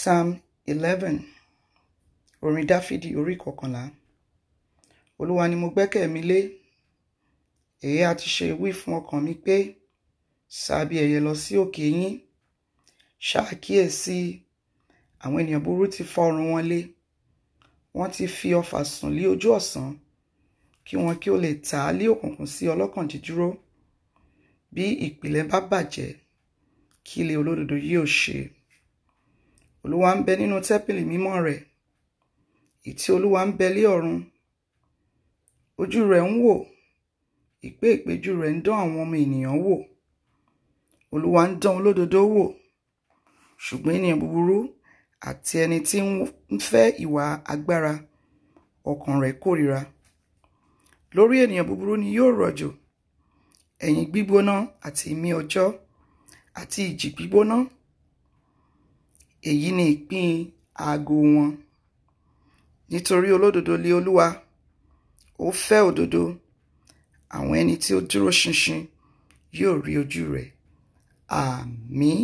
psalm 11. orin dáfídì orí kọkànlá olúwa ni mo gbẹ́kẹ̀ mi lé èyí a ti ṣe wí fún ọkàn mi pé sàbí ẹyẹ lọ sí òkè yín ṣàkíyèsí àwọn ènìyàn burú ti fọrùn wọn lé wọn ti fi ọfà sùn lí ojú ọ̀sán kí wọn kí ó lè tà á lé òkùnkùn sí ọlọ́kàn dídúró bí ìpìlẹ̀ bá bàjẹ́ kí ilé olódodo yìí ò ṣe olúwa ń bẹ nínú tẹ́pìlì mímọ́ rẹ̀ ìtì olúwa ń bẹ lé ọ̀run ojú rẹ̀ ń wò ìpè ìpéjú rẹ̀ ń dán àwọn ọmọ ènìyàn wò olúwa ń dán olódodo wò ṣùgbọ́n ènìyàn búburú àti ẹni tí ń fẹ́ ìwà agbára ọkàn rẹ̀ kórìíra lórí ènìyàn búburú ni yóò rọ̀jò ẹ̀yìn gbígbóná àti mi ọjọ́ àti ìjì gbígbóná èyí ni ìpín aago wọn nítorí olódodo lé olúwa ó fẹ́ òdodo àwọn ẹni tí ó dúró ṣinṣin yóò rí ojú rẹ̀ àmín.